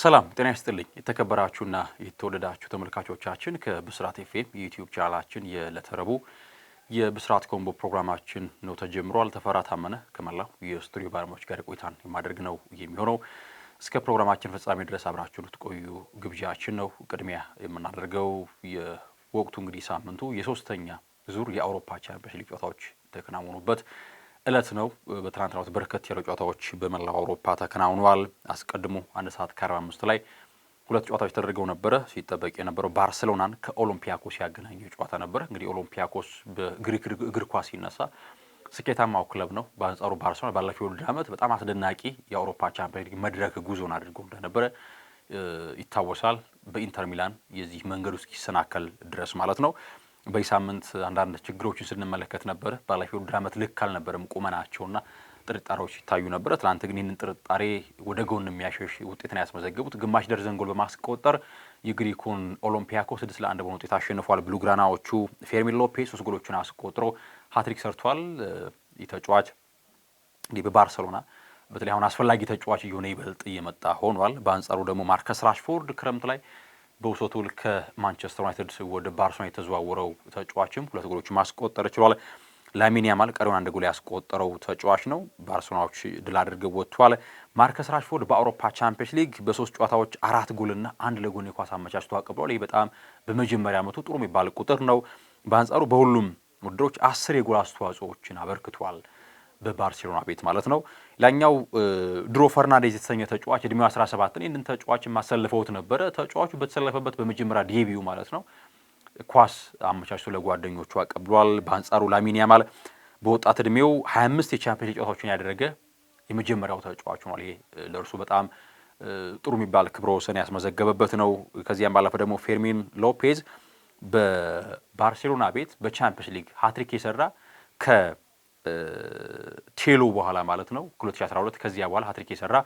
ሰላም ጤና ይስጥልኝ። የተከበራችሁና የተወደዳችሁ ተመልካቾቻችን ከብስራት ኤፍኤም የዩትዩብ ቻናላችን የዕለተ ረቡዕ የብስራት ኮምቦ ፕሮግራማችን ነው ተጀምሯል። ተፈራ ታመነ ከመላው የስቱዲዮ ባለሙያዎች ጋር ቆይታን የማድረግ ነው የሚሆነው። እስከ ፕሮግራማችን ፍጻሜ ድረስ አብራችሁ ልትቆዩ ግብዣችን ነው። ቅድሚያ የምናደርገው የወቅቱ እንግዲህ ሳምንቱ የሶስተኛ ዙር የአውሮፓ ቻምፒየንስ ሊግ ጨዋታዎች ተከናወኑበት እለት ነው። በትናንትናው በርከት ያሉ ጨዋታዎች በመላው አውሮፓ ተከናውነዋል። አስቀድሞ አንድ ሰዓት ከአርባ አምስት ላይ ሁለት ጨዋታዎች ተደርገው ነበረ። ሲጠበቅ የነበረው ባርሴሎናን ከኦሎምፒያኮስ ያገናኘው ጨዋታ ነበረ። እንግዲህ ኦሎምፒያኮስ በግሪክ እግር ኳስ ሲነሳ ስኬታማው ክለብ ነው። በአንጻሩ ባርሴሎና ባለፈው ውድድር ዓመት በጣም አስደናቂ የአውሮፓ ቻምፒዮን ሊግ መድረክ ጉዞን አድርጎ እንደነበረ ይታወሳል። በኢንተር ሚላን የዚህ መንገዱ እስኪሰናከል ድረስ ማለት ነው። በዚህ ሳምንት አንዳንድ ችግሮችን ስንመለከት ነበር ባለፈው ውድድር ዓመት ልክ አልነበረም ቁመናቸውና ጥርጣሬዎች ይታዩ ነበረ። ትናንት ግን ይህንን ጥርጣሬ ወደ ጎን የሚያሸሽ ውጤትን ያስመዘግቡት ግማሽ ደርዘን ጎል በማስቆጠር የግሪኩን ኦሎምፒያኮ ስድስት ለአንድ በሆነ ውጤት አሸንፏል። ብሉግራናዎቹ ፌርሚን ሶስት ጎሎቹን አስቆጥሮ ሀትሪክ ሰርቷል። ይህ ተጫዋች እንዲህ በባርሰሎና በተለይ አሁን አስፈላጊ ተጫዋች እየሆነ ይበልጥ እየመጣ ሆኗል። በአንጻሩ ደግሞ ማርከስ ራሽፎርድ ክረምት ላይ በውሰት ውል ከማንቸስተር ዩናይትድ ወደ ባርሶና የተዘዋወረው ተጫዋችም ሁለት ጎሎች ማስቆጠር ችሏል። ላሚን ያማል ቀሪውን አንድ ጎል ያስቆጠረው ተጫዋች ነው። ባርሶናዎች ድል አድርገው ወጥቷል። ማርከስ ራሽፎርድ በአውሮፓ ቻምፒየንስ ሊግ በሶስት ጨዋታዎች አራት ጎልና አንድ ለጎን የኳስ አመቻችቶ አቀብሏል። ይህ በጣም በመጀመሪያ ዓመቱ ጥሩ የሚባል ቁጥር ነው። በአንጻሩ በሁሉም ውድድሮች አስር የጎል አስተዋጽኦዎችን አበርክቷል። በባርሴሎና ቤት ማለት ነው። ላኛው ድሮ ፈርናንዴዝ የተሰኘ ተጫዋች እድሜው 17 ይህንን ተጫዋች የማሰልፈውት ነበረ። ተጫዋቹ በተሰለፈበት በመጀመሪያ ዴቢዩ ማለት ነው ኳስ አመቻችቶ ለጓደኞቹ አቀብሏል። በአንጻሩ ላሚን ያማል በወጣት እድሜው 25 የቻምፒዮንስ ጨዋታዎችን ያደረገ የመጀመሪያው ተጫዋች ነው። ይሄ ለእርሱ በጣም ጥሩ የሚባል ክብረ ወሰን ያስመዘገበበት ነው። ከዚያም ባለፈ ደግሞ ፌርሚን ሎፔዝ በባርሴሎና ቤት በቻምፒየንስ ሊግ ሀትሪክ የሰራ ከ ቴሎ በኋላ ማለት ነው 2012 ከዚያ በኋላ ሀትሪክ የሰራ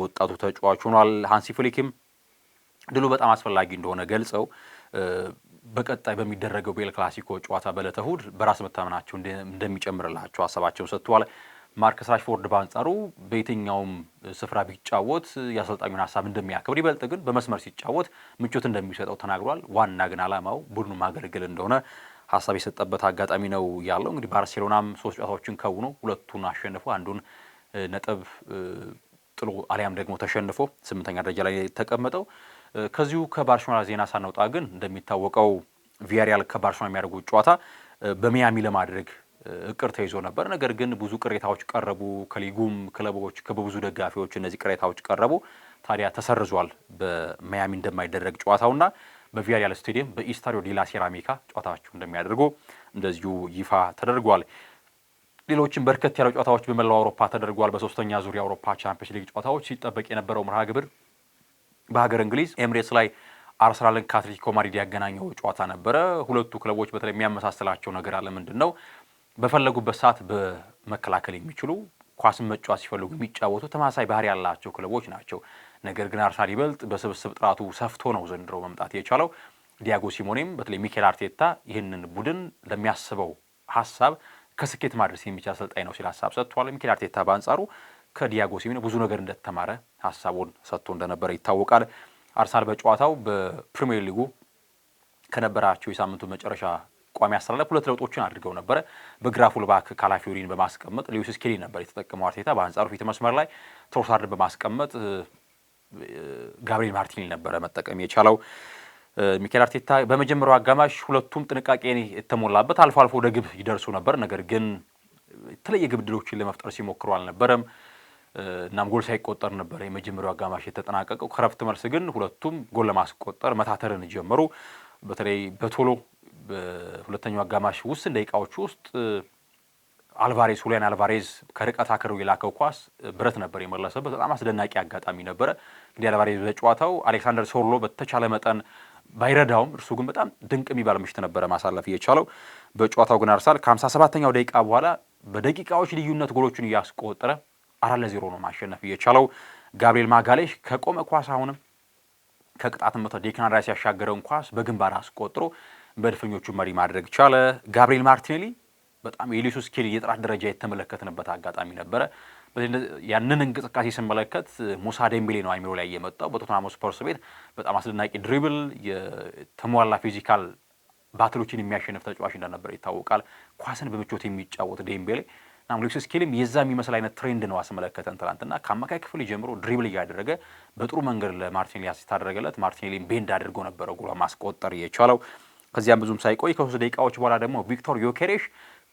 ወጣቱ ተጫዋች ሆኗል። ሃንሲ ፍሊክም ድሉ በጣም አስፈላጊ እንደሆነ ገልጸው በቀጣይ በሚደረገው ቤል ክላሲኮ ጨዋታ በዕለተ እሁድ በራስ መታመናቸው እንደሚጨምርላቸው ሀሳባቸውን ሰጥተዋል። ማርከስ ራሽፎርድ በአንጻሩ በየትኛውም ስፍራ ቢጫወት የአሰልጣኙን ሀሳብ እንደሚያከብር ይበልጥ ግን በመስመር ሲጫወት ምቾት እንደሚሰጠው ተናግሯል። ዋና ግን ዓላማው ቡድኑ ማገልገል እንደሆነ ሀሳብ የሰጠበት አጋጣሚ ነው ያለው። እንግዲህ ባርሴሎናም ሶስት ጨዋታዎችን ከውኖ ሁለቱን አሸንፎ አንዱን ነጥብ ጥሎ አሊያም ደግሞ ተሸንፎ ስምንተኛ ደረጃ ላይ የተቀመጠው። ከዚሁ ከባርሴሎና ዜና ሳናውጣ ግን እንደሚታወቀው ቪያሪያል ከባርሴሎና የሚያደርጉት ጨዋታ በሚያሚ ለማድረግ እቅር ተይዞ ነበር። ነገር ግን ብዙ ቅሬታዎች ቀረቡ፣ ከሊጉም ክለቦች ከብዙ ደጋፊዎች እነዚህ ቅሬታዎች ቀረቡ። ታዲያ ተሰርዟል በሚያሚ እንደማይደረግ ጨዋታውና በቪያሪያል ስቴዲየም በኢስታዲዮ ዲላ ሴራሚካ ጨዋታቸው እንደሚያደርጉ እንደዚሁ ይፋ ተደርጓል። ሌሎችም በርከት ያለው ጨዋታዎች በመላው አውሮፓ ተደርጓል። በሶስተኛ ዙር የአውሮፓ ቻምፒዮንስ ሊግ ጨዋታዎች ሲጠበቅ የነበረው መርሃ ግብር በሀገር እንግሊዝ ኤምሬትስ ላይ አርሰናልን ከአትሌቲኮ ማድሪድ ያገናኘው ጨዋታ ነበረ። ሁለቱ ክለቦች በተለይ የሚያመሳስላቸው ነገር አለ። ምንድን ነው? በፈለጉበት ሰዓት በመከላከል የሚችሉ ኳስን መጫወት ሲፈልጉ የሚጫወቱ ተመሳሳይ ባህሪ ያላቸው ክለቦች ናቸው። ነገር ግን አርሰናል ይበልጥ በስብስብ ጥራቱ ሰፍቶ ነው ዘንድሮ መምጣት የቻለው። ዲያጎ ሲሞኔም በተለይ ሚኬል አርቴታ ይህንን ቡድን ለሚያስበው ሀሳብ ከስኬት ማድረስ የሚችል አሰልጣኝ ነው ሲል ሀሳብ ሰጥቷል። ሚኬል አርቴታ በአንጻሩ ከዲያጎ ሲሞኔ ብዙ ነገር እንደተማረ ሀሳቡን ሰጥቶ እንደነበረ ይታወቃል። አርሰናል በጨዋታው በፕሪሚየር ሊጉ ከነበራቸው የሳምንቱ መጨረሻ ቋሚ አሰላለፍ ሁለት ለውጦችን አድርገው ነበረ። በግራ ፉልባክ ካላፊዮሪን በማስቀመጥ ሉዊስ ስኬሊ ነበር የተጠቀመው አርቴታ። በአንጻሩ ፊት መስመር ላይ ትሮሳርድን በማስቀመጥ ጋብሪኤል ማርቲኔሊ ነበረ መጠቀም የቻለው። ሚኬል አርቴታ በመጀመሪያው አጋማሽ ሁለቱም ጥንቃቄ የተሞላበት አልፎ አልፎ ወደ ግብ ይደርሱ ነበር፣ ነገር ግን የተለየ ግብ ድሎችን ለመፍጠር ሲሞክሩ አልነበረም። እናም ጎል ሳይቆጠር ነበር የመጀመሪያው አጋማሽ የተጠናቀቀው። ከረፍት መልስ ግን ሁለቱም ጎል ለማስቆጠር መታተርን ጀመሩ። በተለይ በቶሎ በሁለተኛው አጋማሽ ውስን ደቂቃዎች ውስጥ አልቫሬዝ ሁሊያን አልቫሬዝ ከርቀት አክሮ የላከው ኳስ ብረት ነበር የመለሰበት። በጣም አስደናቂ አጋጣሚ ነበረ። እንግዲህ አልቫሬዝ በጨዋታው አሌክሳንደር ሶርሎ በተቻለ መጠን ባይረዳውም እርሱ ግን በጣም ድንቅ የሚባል ምሽት ነበረ ማሳለፍ እየቻለው። በጨዋታው ግን አርሳል ከ57ኛው ደቂቃ በኋላ በደቂቃዎች ልዩነት ጎሎቹን እያስቆጠረ አራት ለዜሮ ነው ማሸነፍ እየቻለው። ጋብሪኤል ማጋሌሽ ከቆመ ኳስ አሁንም ከቅጣት ምት ዴክላን ራይስ ያሻገረውን ኳስ በግንባር አስቆጥሮ መድፈኞቹን መሪ ማድረግ ቻለ። ጋብሪኤል ማርቲኔሊ በጣም የኢሊዮስ ስኬሊ የጥራት ደረጃ የተመለከትንበት አጋጣሚ ነበረ። ያንን እንቅስቃሴ ስመለከት ሙሳ ዴምቤሌ ነው አይሚሮ ላይ የመጣው። በቶተንሃም ስፐርስ ቤት በጣም አስደናቂ ድሪብል፣ የተሟላ ፊዚካል ባትሎችን የሚያሸንፍ ተጫዋች እንደነበረ ይታወቃል። ኳስን በምቾት የሚጫወት ዴምቤሌ ናም ሌክስ ስኪልም የዛ የሚመስል አይነት ትሬንድ ነው አስመለከተን። ትናንትና ከአማካይ ክፍል ጀምሮ ድሪብል እያደረገ በጥሩ መንገድ ለማርቲኔሊ አሲስት ታደረገለት። ማርቲኔሊን ቤንድ አድርጎ ነበረ ጎል ማስቆጠር የቻለው። ከዚያም ብዙም ሳይቆይ ከሶስት ደቂቃዎች በኋላ ደግሞ ቪክቶር ዮኬሬሽ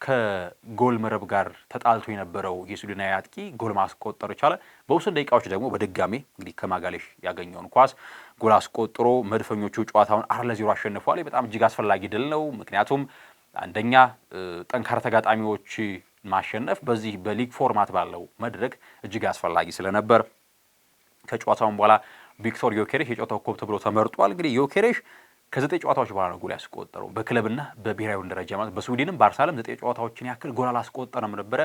ከጎል መረብ ጋር ተጣልቶ የነበረው የሱዳናዊ አጥቂ ጎል ማስቆጠር ቻለ። በውስን ደቂቃዎች ደግሞ በድጋሜ እንግዲህ ከማጋሌሽ ያገኘውን ኳስ ጎል አስቆጥሮ መድፈኞቹ ጨዋታውን አራት ለዜሮ አሸንፏል። በጣም እጅግ አስፈላጊ ድል ነው። ምክንያቱም አንደኛ ጠንካራ ተጋጣሚዎች ማሸነፍ በዚህ በሊግ ፎርማት ባለው መድረክ እጅግ አስፈላጊ ስለነበር ከጨዋታውን በኋላ ቪክቶር ዮኬሬሽ የጨዋታው ኮከብ ተብሎ ተመርጧል። እንግዲህ ዮኬሬሽ ከዘጠኝ ጨዋታዎች በኋላ ነው ጎል ያስቆጠረው በክለብና በብሔራዊ ደረጃ ማለት በስዊድንም በአርሰናልም ዘጠኝ ጨዋታዎችን ያክል ጎል አላስቆጠረም ነበረ።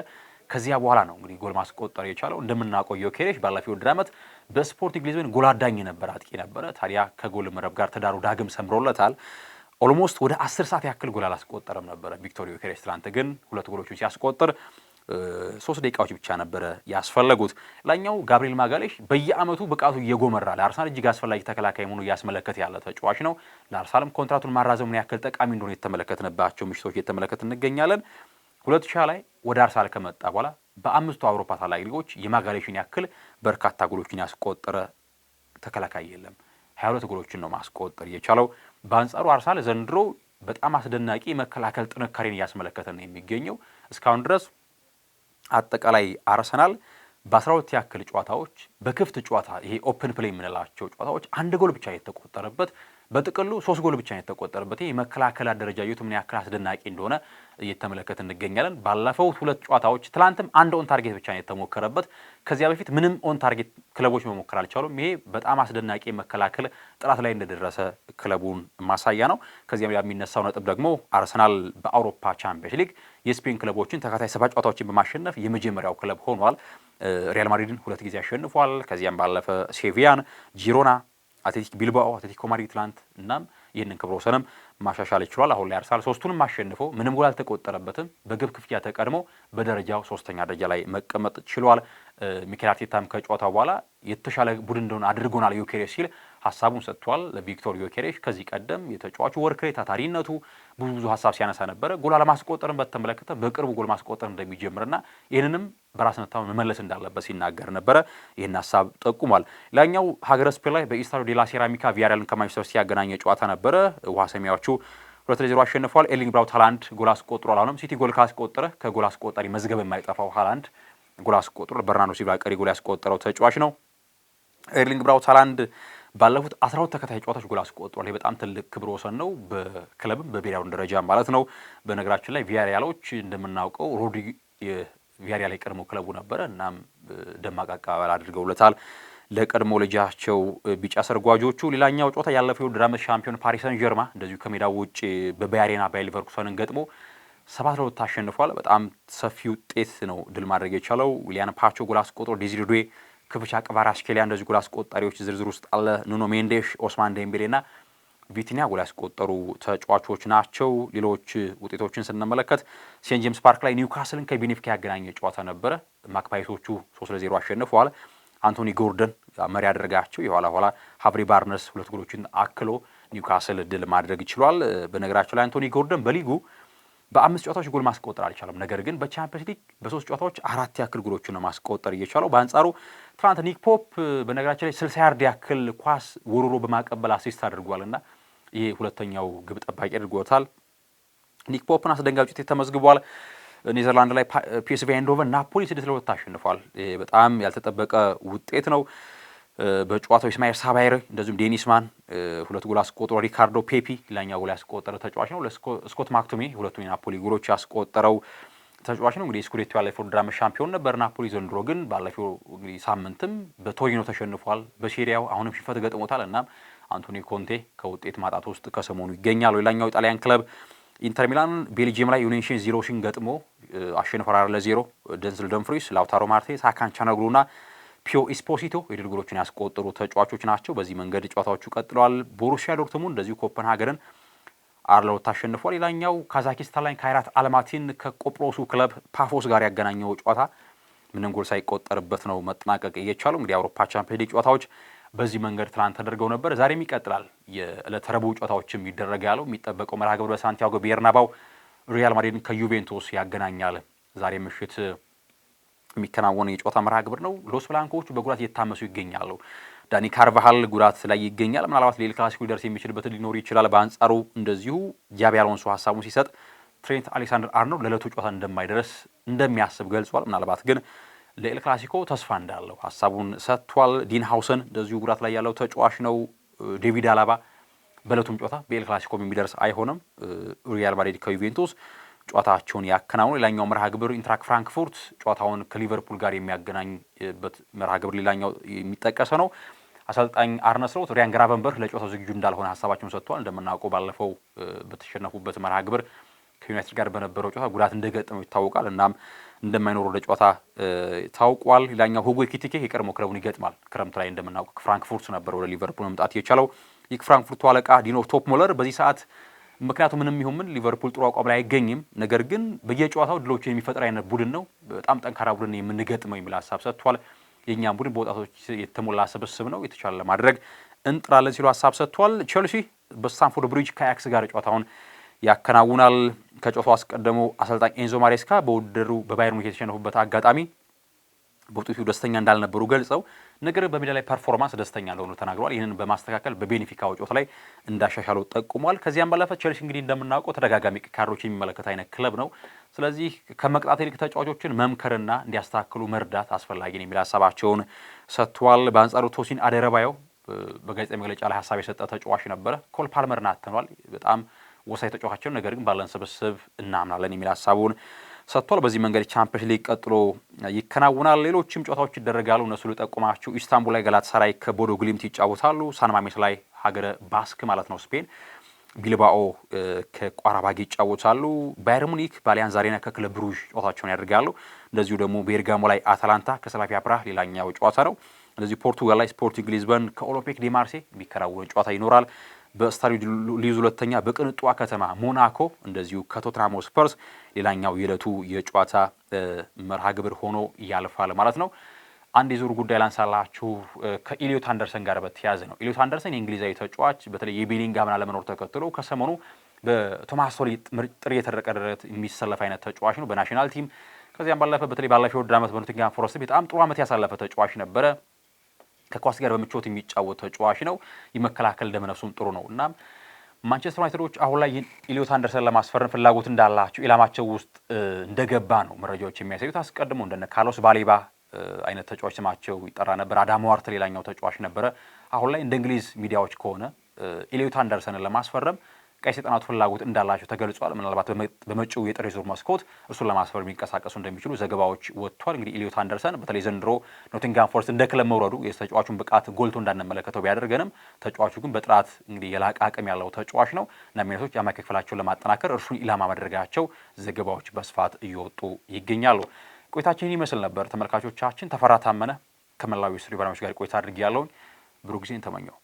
ከዚያ በኋላ ነው እንግዲህ ጎል ማስቆጠር የቻለው። እንደምናውቀው ዮኬሬሽ ባለፈው ውድድር ዓመት በስፖርቲንግ ሊዝበን ጎል አዳኝ ነበረ፣ አጥቂ ነበረ። ታዲያ ከጎል መረብ ጋር ተዳሩ ዳግም ሰምሮለታል። ኦልሞስት ወደ አስር ሰዓት ያክል ጎል አላስቆጠረም ነበረ ቪክቶር ዮኬሬሽ። ትናንት ግን ሁለት ጎሎቹ ሲያስቆጥር ሶስት ደቂቃዎች ብቻ ነበረ ያስፈለጉት። ላኛው ጋብሪኤል ማጋሌሽ በየአመቱ ብቃቱ እየጎመራ ለአርሳል እጅግ አስፈላጊ ተከላካይ መሆኑ እያስመለከተ ያለ ተጫዋች ነው። ለአርሳልም ኮንትራቱን ማራዘም ምን ያክል ጠቃሚ እንደሆነ የተመለከትንባቸው ምሽቶች እየተመለከት እንገኛለን። ሁለት ሺህ ላይ ወደ አርሳል ከመጣ በኋላ በአምስቱ አውሮፓ ታላቅ ሊጎች የማጋሌሽን ያክል በርካታ ጎሎችን ያስቆጠረ ተከላካይ የለም። ሀያ ሁለት ጎሎችን ነው ማስቆጠር እየቻለው። በአንጻሩ አርሳል ዘንድሮ በጣም አስደናቂ መከላከል ጥንካሬን እያስመለከተ ነው የሚገኘው እስካሁን ድረስ አጠቃላይ አርሰናል በ12 ያክል ጨዋታዎች በክፍት ጨዋታ ይሄ ኦፕን ፕሌይ የምንላቸው ጨዋታዎች አንድ ጎል ብቻ የተቆጠረበት በጥቅሉ ሶስት ጎል ብቻ ነው የተቆጠረበት። ይህ የመከላከል አደረጃጀቱ ምን ያክል አስደናቂ እንደሆነ እየተመለከት እንገኛለን። ባለፈው ሁለት ጨዋታዎች፣ ትላንትም አንድ ኦን ታርጌት ብቻ ነው የተሞከረበት። ከዚያ በፊት ምንም ኦን ታርጌት ክለቦች መሞከር አልቻሉም። ይሄ በጣም አስደናቂ መከላከል ጥራት ላይ እንደደረሰ ክለቡን ማሳያ ነው። ከዚያም የሚነሳው ነጥብ ደግሞ አርሰናል በአውሮፓ ቻምፒየንስ ሊግ የስፔን ክለቦችን ተከታይ ሰባት ጨዋታዎችን በማሸነፍ የመጀመሪያው ክለብ ሆኗል። ሪያል ማድሪድን ሁለት ጊዜ አሸንፏል። ከዚያም ባለፈ ሴቪያን፣ ጂሮና አትሌቲክ ቢልባኦ፣ አትሌቲኮ ማድሪድ ትላንት እናም ይህንን ክብረ ወሰንም ማሻሻል ይችሏል። አሁን ላይ አርሰናል ሶስቱንም አሸንፎ ምንም ጎል አልተቆጠረበትም። በግብ ክፍያ ተቀድሞ በደረጃው ሶስተኛ ደረጃ ላይ መቀመጥ ችሏል። ሚኬል አርቴታም ከጨዋታ በኋላ የተሻለ ቡድን እንደሆነ አድርጎናል ዩኬሬ ሲል ሀሳቡን ሰጥቷል ለቪክቶር ዮኬሬሽ። ከዚህ ቀደም የተጫዋቹ ወርክሬ ታታሪነቱ ብዙ ብዙ ሀሳብ ሲያነሳ ነበረ። ጎል አለማስቆጠርን በተመለከተ በቅርቡ ጎል ማስቆጠር እንደሚጀምርና ይህንንም በራስ መታመን መመለስ እንዳለበት ሲናገር ነበረ። ይህን ሀሳብ ጠቁሟል። ሌላኛው ሀገረ ስፔን ላይ በኢስታዶ ዴላ ሴራሚካ ቪያሪያልን ከማንቸስተር ሲቲ ያገናኘ ጨዋታ ነበረ። ውሃ ሰማያዎቹ ሁለት ለዜሮ አሸንፏል። ኤርሊንግ ብራውት ሃላንድ ጎል አስቆጥሮ አሁንም ሲቲ ጎል ካስቆጠረ ከጎል አስቆጠሪ መዝገብ የማይጠፋው ሃላንድ ጎል አስቆጥሮ በርናርዶ ሲልቫ ቀሪ ጎል ያስቆጠረው ተጫዋች ነው። ኤርሊንግ ብራውት ሃላንድ ባለፉት አስራ ሁለት ተከታይ ጨዋታዎች ጎል አስቆጥሯል። ይህ በጣም ትልቅ ክብር ወሰን ነው፣ በክለብም በብሔራዊ ደረጃ ማለት ነው። በነገራችን ላይ ቪያሪያሎች እንደምናውቀው ሮድሪ የቪያሪያል የቀድሞ ክለቡ ነበረ። እናም ደማቅ አቀባበል አድርገውለታል ለቀድሞ ልጃቸው ቢጫ ሰርጓጆቹ። ሌላኛው ጨዋታ ያለፈው የውድድር ዓመት ሻምፒዮን ፓሪስ ሰን ጀርማ እንደዚሁ ከሜዳው ውጭ በባየርና ባይ ሊቨርኩሰንን ገጥሞ ሰባት ለሁለት ታሸንፏል። በጣም ሰፊ ውጤት ነው ድል ማድረግ የቻለው። ዊሊያን ፓቾ ጎል አስቆጥሮ ዴዚሬ ዱዌ ክብቻ ክቫራትስኬሊያ እንደዚህ ጎል አስቆጣሪዎች ዝርዝር ውስጥ አለ። ኑኖ ሜንዴሽ፣ ኦስማን ና ቪቲኒያ ጎል ያስቆጠሩ ተጫዋቾች ናቸው። ሌሎች ውጤቶችን ስንመለከት ሴንት ጄምስ ፓርክ ላይ ኒውካስልን ከቤኔፊካ ያገናኘ ጨዋታ ነበረ። ማክፓይሶቹ ሶስት ለዜሮ አሸንፈዋል። አንቶኒ ጎርደን መሪ ያደረጋቸው የኋላ ኋላ ሀብሪ ባርነስ ሁለት ጎሎችን አክሎ ኒውካስል ድል ማድረግ ችሏል። በነገራቸው ላይ አንቶኒ ጎርደን በሊጉ በአምስት ጨዋታዎች ጎል ማስቆጠር አልቻለም። ነገር ግን በቻምፒየንስ ሊግ በሶስት ጨዋታዎች አራት ያክል ጎሎችን ነው ማስቆጠር እየቻለው። በአንጻሩ ትናንት ኒክ ፖፕ በነገራችን ላይ ስልሳ ያርድ ያክል ኳስ ወርሮ በማቀበል አሲስት አድርጓልና ይሄ ሁለተኛው ግብ ጠባቂ አድርጎታል። ኒክ ፖፕን አስደንጋጭ ውጤት ተመዝግቧል። ኔዘርላንድ ላይ ፒኤስቪ አይንድሆቨን ናፖሊ ስድስት ለሁለት አሸንፏል። በጣም ያልተጠበቀ ውጤት ነው። በጨዋታው ኢስማኤል ሳባይር እንደዚሁም ዴኒስ ማን ሁለት ጎል አስቆጥሮ ሪካርዶ ፔፒ ሌላኛው ጎል ያስቆጠረ ተጫዋች ነው። ለስኮት ማክቶሜ ሁለቱም የናፖሊ ጎሎች ያስቆጠረው ተጫዋች ነው። እንግዲህ ስኩዴቶ ያለፈው ውድድር ዓመት ሻምፒዮን ነበር ናፖሊ። ዘንድሮ ግን ባለፈው እንግዲህ ሳምንትም በቶሪኖ ተሸንፏል። በሴሪያው አሁንም ሽንፈት ገጥሞታል። እናም አንቶኒ ኮንቴ ከውጤት ማጣት ውስጥ ከሰሞኑ ይገኛሉ። ሌላኛው የጣሊያን ክለብ ኢንተር ሚላን ቤልጅየም ላይ ዩኔንሽን ዜሮሽን ገጥሞ አሸንፈራር ለዜሮ ደንዝል ደንፍሪስ፣ ላውታሮ ማርቴ፣ ሃካን ቻናግሉና ፒዮ ኢስፖሲቶ የድልጉሎችን ያስቆጠሩ ተጫዋቾች ናቸው። በዚህ መንገድ ጨዋታዎቹ ቀጥለዋል። ቦሩሲያ ዶርትሙ እንደዚሁ ኮፐንሃገርን አርለውት ታሸንፏል። ሌላኛው ካዛኪስታን ላይ ካይራት አልማቲን ከቆጵሮሱ ክለብ ፓፎስ ጋር ያገናኘው ጨዋታ ምንም ጎል ሳይቆጠርበት ነው መጠናቀቅ እየቻሉ እንግዲህ የአውሮፓ ቻምፒዮን ሊግ ጨዋታዎች በዚህ መንገድ ትናንት ተደርገው ነበር። ዛሬም ይቀጥላል። የዕለተ ረቡዕ ጨዋታዎችም ይደረገ ያለው የሚጠበቀው መርሃ ግብር በሳንቲያጎ ቤርናባው ሪያል ማድሪድን ከዩቬንቱስ ያገናኛል። ዛሬ ምሽት የሚከናወነው የጨዋታ መርሃ ግብር ነው። ሎስ ብላንኮቹ በጉዳት እየታመሱ ይገኛሉ። ዳኒ ካርቫሃል ጉዳት ላይ ይገኛል። ምናልባት ሌል ክላሲኮ ሊደርስ የሚችልበት ሊኖር ይችላል። በአንጻሩ እንደዚሁ ጃቢ አሎንሶ ሀሳቡን ሲሰጥ ትሬንት አሌክሳንደር አርኖልድ ለዕለቱ ጨዋታ እንደማይደርስ እንደሚያስብ ገልጿል። ምናልባት ግን ለኤል ክላሲኮ ተስፋ እንዳለው ሀሳቡን ሰጥቷል። ዲን ሀውሰን እንደዚሁ ጉዳት ላይ ያለው ተጫዋች ነው። ዴቪድ አላባ በዕለቱም ጨዋታ በኤል ክላሲኮም የሚደርስ አይሆንም። ሪያል ማድሪድ ከዩቬንቱስ ጨዋታቸውን ያከናውኑ። ሌላኛው መርሃ ግብር ኢንትራክ ፍራንክፉርት ጨዋታውን ከሊቨርፑል ጋር የሚያገናኝበት መርሃ ግብር ሌላኛው የሚጠቀሰ ነው። አሰልጣኝ አርነ ስሎት ሪያን ግራቨንበርች ለጨዋታው ዝግጁ እንዳልሆነ ሀሳባቸውን ሰጥተዋል። እንደምናውቀው ባለፈው በተሸነፉበት መርሃ ግብር ከዩናይትድ ጋር በነበረው ጨዋታ ጉዳት እንደገጠመው ይታወቃል። እናም እንደማይኖሩ ለጨዋታ ታውቋል። ሌላኛው ሁጎ ኤኪቲኬ የቀድሞ ክለቡን ይገጥማል። ክረምት ላይ እንደምናውቀው ፍራንክፉርት ነበር ወደ ሊቨርፑል መምጣት የቻለው። ይህ ፍራንክፉርቱ አለቃ ዲኖ ቶፕ ሞለር በዚህ ሰዓት ምክንያቱም ምንም ይሁን ምን ሊቨርፑል ጥሩ አቋም ላይ አይገኝም። ነገር ግን በየጨዋታው ድሎችን የሚፈጥር አይነት ቡድን ነው፣ በጣም ጠንካራ ቡድን የምንገጥመው የሚል ሀሳብ ሰጥቷል። የእኛም ቡድን በወጣቶች የተሞላ ስብስብ ነው፣ የተቻለ ለማድረግ እንጥራለን ሲሉ ሀሳብ ሰጥቷል። ቼልሲ በስታንፎርድ ብሪጅ ከአያክስ ጋር ጨዋታውን ያከናውናል። ከጨዋታው አስቀድሞ አሰልጣኝ ኤንዞ ማሬስካ በውድድሩ በባየር ሙኒክ የተሸነፉበት አጋጣሚ በውጤቱ ደስተኛ እንዳልነበሩ ገልጸው ነገር በሜዳ ላይ ፐርፎርማንስ ደስተኛ እንደሆኑ ተናግረዋል። ይህንን በማስተካከል በቤኔፊካ ጨዋታ ላይ እንዳሻሻሉ ጠቁሟል። ከዚያም ባለፈ ቸልሲ እንግዲህ እንደምናውቀው ተደጋጋሚ ካርዶችን የሚመለከት አይነት ክለብ ነው። ስለዚህ ከመቅጣት ይልቅ ተጫዋቾችን መምከርና እንዲያስተካክሉ መርዳት አስፈላጊ ነው የሚል ሀሳባቸውን ሰጥቷል። በአንጻሩ ቶሲን አደረባየው በጋዜጣ መግለጫ ላይ ሀሳብ የሰጠ ተጫዋች ነበረ። ኮል ፓልመርን አትኗል። በጣም ወሳኝ ተጫዋች ነገር ግን ባለን ስብስብ እናምናለን የሚል ሀሳቡን ሰጥቷል። በዚህ መንገድ ቻምፒየንስ ሊግ ቀጥሎ ይከናውናል። ሌሎችም ጨዋታዎች ይደረጋሉ። እነሱ ሊጠቁማችሁ ኢስታንቡል ላይ ገላታሳራይ ከቦዶ ግሊምት ይጫወታሉ። ሳንማሜስ ላይ ሀገረ ባስክ ማለት ነው ስፔን ቢልባኦ ከቋራባጊ ይጫወታሉ። ባየር ሙኒክ ባሊያን ዛሬና ከክለብ ብሩዥ ጨዋታቸውን ያደርጋሉ። እንደዚሁ ደግሞ ቤርጋሞ ላይ አታላንታ ከሰላፊ አፕራ ሌላኛው ጨዋታ ነው። ስለዚህ ፖርቱጋል ላይ ስፖርቲንግ ሊዝበን ከኦሎምፒክ ዲማርሴ የሚከናወን ጨዋታ ይኖራል። በስታዲዮ ሊዩዝ ሁለተኛ፣ በቅንጧ ከተማ ሞናኮ እንደዚሁ ከቶትናሞ ስፐርስ ሌላኛው የዕለቱ የጨዋታ መርሃ ግብር ሆኖ ያልፋል ማለት ነው። አንድ የዞር ጉዳይ ላንሳላችሁ ከኢሊዮት አንደርሰን ጋር በተያያዘ ነው። ኢሊዮት አንደርሰን የእንግሊዛዊ ተጫዋች በተለይ የቤሊንግሃምን አለመኖር ተከትሎ ከሰሞኑ በቶማስ ቶሊ ጥሪ የተደረቀደረት የሚሰለፍ አይነት ተጫዋች ነው በናሽናል ቲም። ከዚያም ባለፈ በተለይ ባለፈው ወድ ዓመት በኖቲንግሃም ፎረስት በጣም ጥሩ ዓመት ያሳለፈ ተጫዋች ነበረ። ከኳስ ጋር በምቾት የሚጫወት ተጫዋች ነው። የመከላከል ደመነፍሱም ጥሩ ነው እና ማንቸስተር ዩናይትዶች አሁን ላይ ኢሊዮት አንደርሰን ለማስፈረም ፍላጎት እንዳላቸው ኢላማቸው ውስጥ እንደገባ ነው መረጃዎች የሚያሳዩት። አስቀድሞ እንደነ ካሎስ ባሌባ አይነት ተጫዋች ስማቸው ይጠራ ነበር። አዳም ዋርት ሌላኛው ተጫዋች ነበረ። አሁን ላይ እንደ እንግሊዝ ሚዲያዎች ከሆነ ኢሊዮት አንደርሰንን ለማስፈረም ቀይ ሰይጣናት ፍላጎት እንዳላቸው ተገልጿል። ምናልባት በመጪው የጥር ዙር መስኮት እሱን ለማስፈር የሚንቀሳቀሱ እንደሚችሉ ዘገባዎች ወጥቷል። እንግዲህ ኢሊዮት አንደርሰን በተለይ ዘንድሮ ኖቲንግሃም ፎረስት እንደ ክለብ መውረዱ የተጫዋቹን ብቃት ጎልቶ እንዳንመለከተው ቢያደርገንም ተጫዋቹ ግን በጥራት እንግዲህ የላቀ አቅም ያለው ተጫዋች ነው እና ሚነቶች የአማካይ ክፍላቸውን ለማጠናከር እርሱን ኢላማ ማድረጋቸው ዘገባዎች በስፋት እየወጡ ይገኛሉ። ቆይታችን ይመስል ነበር። ተመልካቾቻችን ተፈራ ታመነ ከመላዊ ስሪ ባለሙያዎች ጋር ቆይታ አድርጌ ያለውን ብሩህ ጊዜን ተመኘው።